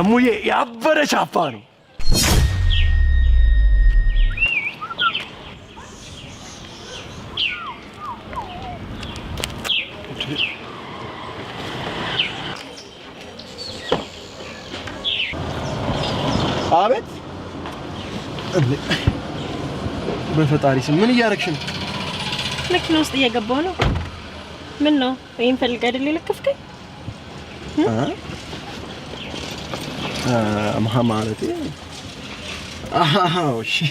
እሙዬ ያበረ ቻፋ ነው። አቤት በፈጣሪ ስም ምን እያደረግሽ ነው? መኪና ውስጥ እየገባሁ ነው። ምን ነው ወይም ፈልግ አይደል? ልክፍከኝ Uh, Muhammad at the end. Oh, shit.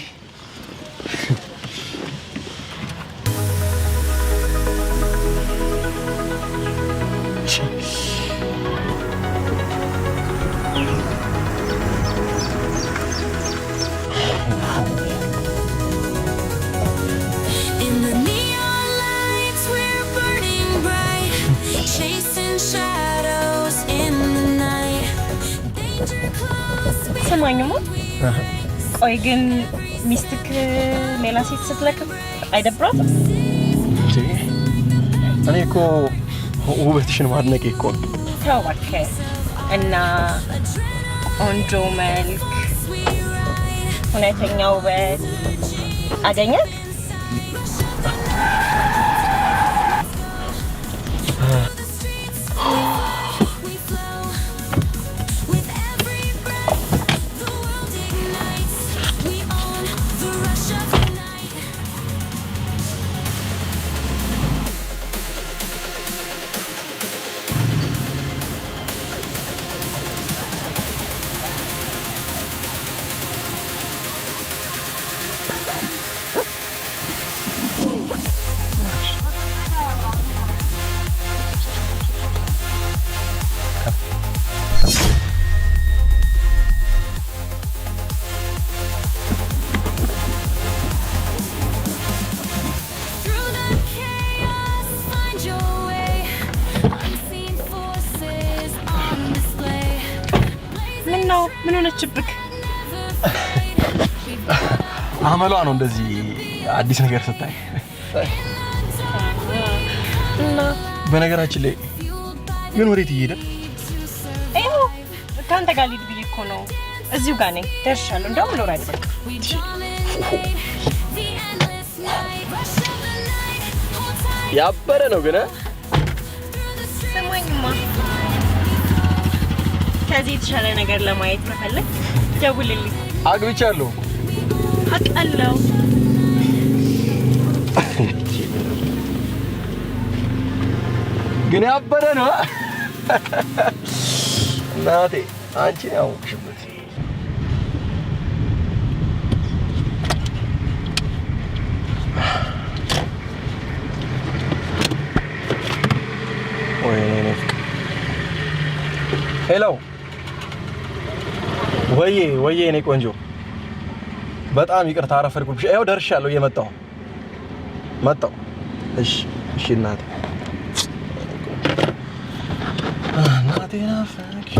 ሰማኝማ። ቆይ ግን ሚስትክ ሌላ ሴት ስትለቅም አይደብራትም? እኔ እኮ ውበትሽን እኮ ተው እባክህ። እና ቆንጆ መልክ፣ እውነተኛ ውበት አገኘ ምን ሆነችብክ? አመሏ ነው እንደዚህ አዲስ ነገር ስታይ እና በነገራችን ላይ ግን ወዴት እየሄደ ይኸው ከአንተ ጋር ልሂድ ብዬ እኮ ነው። እዚሁ ጋር ነኝ ደርሻለሁ። እንደውም ሎራ አይደለም ያበረ ነው ግን ስማኝማ ከዚህ የተሻለ ነገር ለማየት ከፈለግ ደውልልኝ። አግብቻለሁ አውቃለሁ። ግን ያበደ ነው እናቴ፣ አንቺን ያወቅሽበት ሄለው ወዬ ወዬ እኔ ቆንጆ በጣም ይቅርታ አረፈድኩብሽ። ይኸው ደርሻለሁ፣ እየመጣሁ መጣሁ። እሺ እሺ፣ እናቴ እናቴ ናፈቅሽ።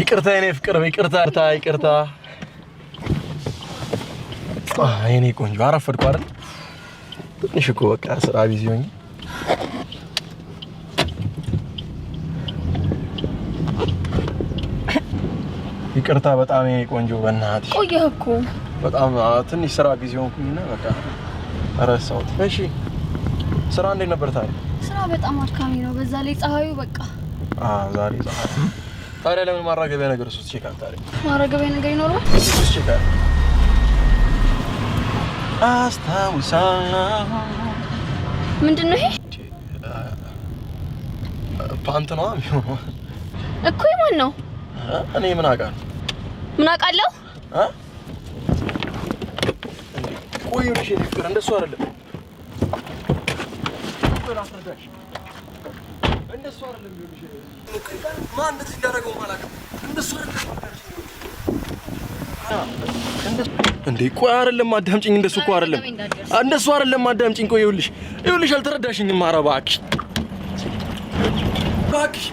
ይቅርታ የኔ ፍቅር፣ ይቅርታ ይቅርታ። የኔ ቆንጆ አረፈድኩ አይደል? ትንሽ እኮ በቃ ስራ ቢዚ ሆኜ ይቅርታ በጣም ቆንጆ። በእናትሽ ቆየህ እኮ በጣም ትንሽ ስራ ቢዚ ሆንኩኝና በቃ ረሳሁት። እሺ ስራ እንዴት ነበር ታዲያ? ስራ በጣም አድካሚ ነው። በዛ ላይ ፀሐዩ በቃ አዎ፣ ዛሬ ፀሐይ። ታዲያ ለምን ማራገቢያ ነገር ሶስት ቼክ አለ ማራገቢያ ነገር ይኖረዋል። ሶስት ቼክ አለ። አስታውሳ ምንድን ነው ይሄ? ፓንት ነው የሚሆነው እኮ የማን ነው? እኔ ምን አውቃለሁ? ምን አውቃለሁ? ቆይ ልሽ ፍቅር፣ እንደሱ አይደለም ላስረዳሽ። እንደሱ አይደለም ማን እንደዚህ እንደሱ እንዴ ቆይ አይደለም አዳምጪኝ። እንደሱ እኮ አይደለም፣ እንደሱ አይደለም አዳምጪኝ። ቆይ ይኸውልሽ፣ ይኸውልሽ አልተረዳሽኝም። ኧረ እባክሽ እባክሽ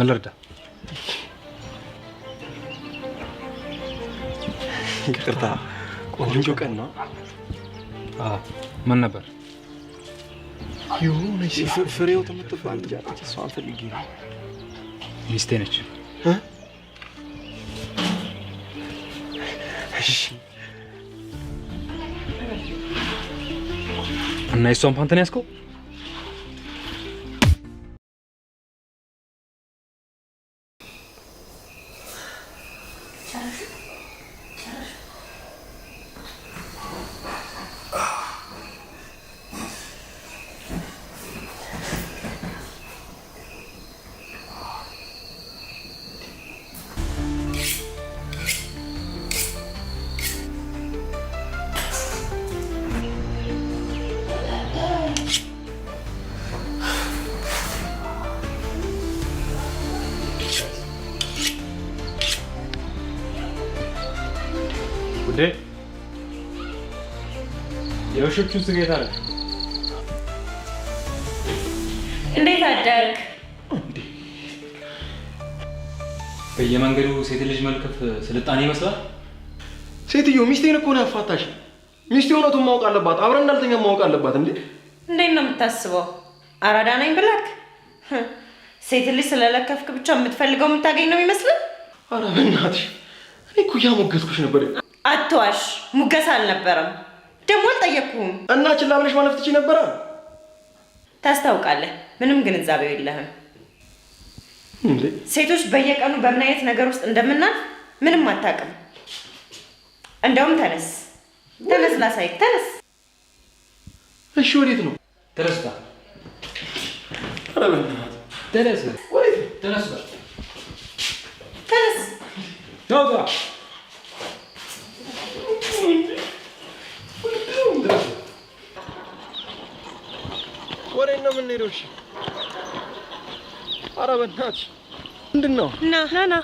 ምን ልርዳ? ይቅርታ። ቆንጆ ቀን ነው። ምን ነበር? የሆነች ፍሬው የምትባል ልጅ እሷን ፈልጌ ነው። ሚስቴ ነች። እና የሷን ፓንትን ያዝከው? የውሾቹን ስጌታ ነው። እንዴት አደርግ? በየመንገዱ ሴት ልጅ መልከፍ ስልጣኔ ይመስላል። ሴትዮ ሚስቴን እኮ ነው ያፋታሽ። ሚስቴ እውነቱን ማወቅ አለባት። አብረን እንዳልተኛ ማወቅ አለባት። እንዴ እንዴት ነው የምታስበው? አራዳ ነኝ ብላክ ሴት ልጅ ስለለከፍክ ብቻ የምትፈልገው የምታገኝ ነው ይመስላል። አረ በእናትሽ እኔ እኮ እያሞገስኩሽ ነበር። አትዋሽ፣ ሙገስ አልነበረም። ደግሞ አልጠየቅኩም እና ችላ ብለሽ ማለፍ ትችይ ነበረ። ታስታውቃለህ፣ ምንም ግንዛቤው የለህም። ሴቶች በየቀኑ በምን አይነት ነገር ውስጥ እንደምናልፍ ምንም አታውቅም። እንደውም ተነስ ተነስ፣ ላሳይክ፣ ተነስ። እሺ፣ ወዴት ነው? ተነስታ ተነስ ተነስ ነው የምንሄደው። እሺ። ኧረ በእናትሽ ምንድን ነው? ና ናና፣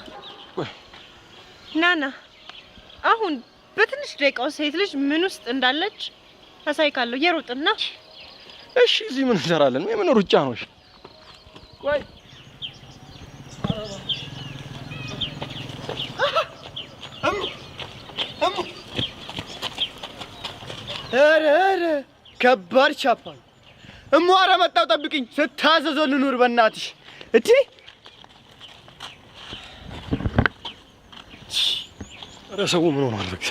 ና ና። አሁን በትንሽ ደቂቃ ውስጥ ሴት ልጅ ምን ውስጥ እንዳለች አሳይካለሁ። የሩጥና እሺ። እዚህ ምን እንሰራለን? የምን ሩጫ ነው? እሺ ወይ ከባድ ቻፓ ነው። እመዋረ መጣው ጠብቅኝ። ስታዘዞ ልኑር በእናትሽ እቲ ኧረ ምን ሆኗል? በቃ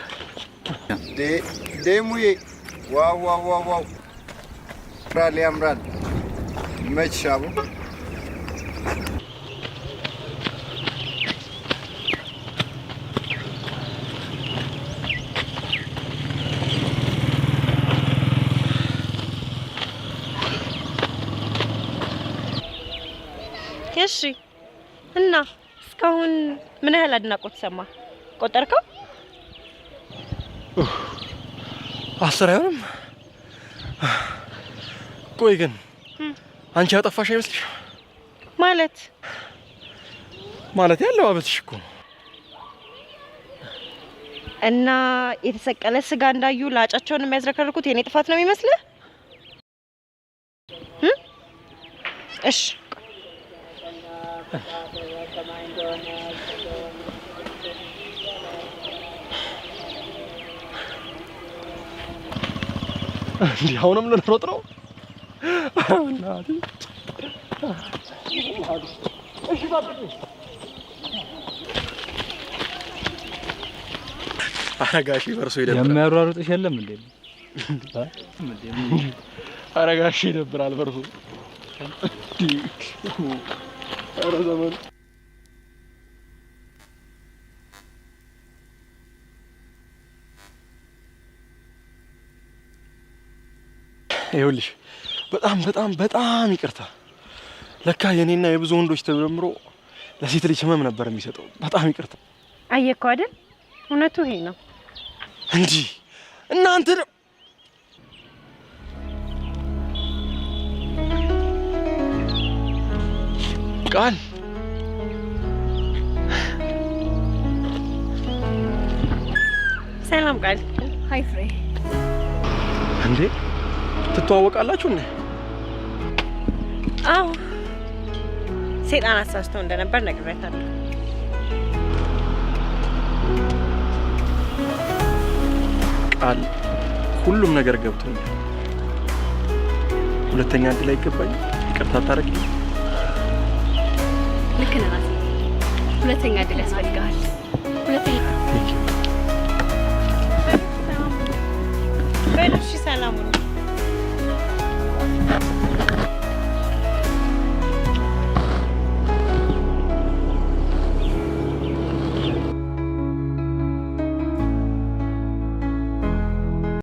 ደሙዬ ዋው ዋው ዋው ዋው ያምራል፣ ያምራል። መች ሻቡ እሺ። እና እስካሁን ምን ያህል አድናቆት ሰማ? ቆጠርከው? አስር አይሆንም። ቆይ ግን አንቺ ያጠፋሽ አይመስልሽ? ማለት ማለት ያለው አበትሽ እኮ እና የተሰቀለ ስጋ እንዳዩ ላጫቸውን የሚያዝረከርኩት የኔ ጥፋት ነው የሚመስልህ? እሺ እንዲህ አሁንም ልንሮጥ ነው። አረጋሽ በርሶ ይደብራል። የሚያሯሩጥሽ የለም እንዴ? አረጋሽ ይደብራል በርሶ ኧረ ዘመኑ ይኸውልሽ በጣም በጣም በጣም ይቅርታ። ለካ የኔና የብዙ ወንዶች ተደምሮ ለሴት ልጅ ህመም ነበር የሚሰጠው። በጣም ይቅርታ። አየህ አይደል? እውነቱ ይሄ ነው እንጂ እናንተ ቃል ሰላም ቃል። ሀይ ፍሬ። እንዴ ትተዋወቃላችሁ እንዴ? አዎ ሴጣን አሳስቶ እንደነበር ነግሬያታለሁ። ቃል ሁሉም ነገር ገብቶኛል። ሁለተኛ አንድ ላይ ይገባኛል። ይቅርታ ታደርጊልኝ ልክ ነህ ናት። ሁለተኛ እድል ያስፈልግሃል። ሁለተኛ በልሽ ሰላሙን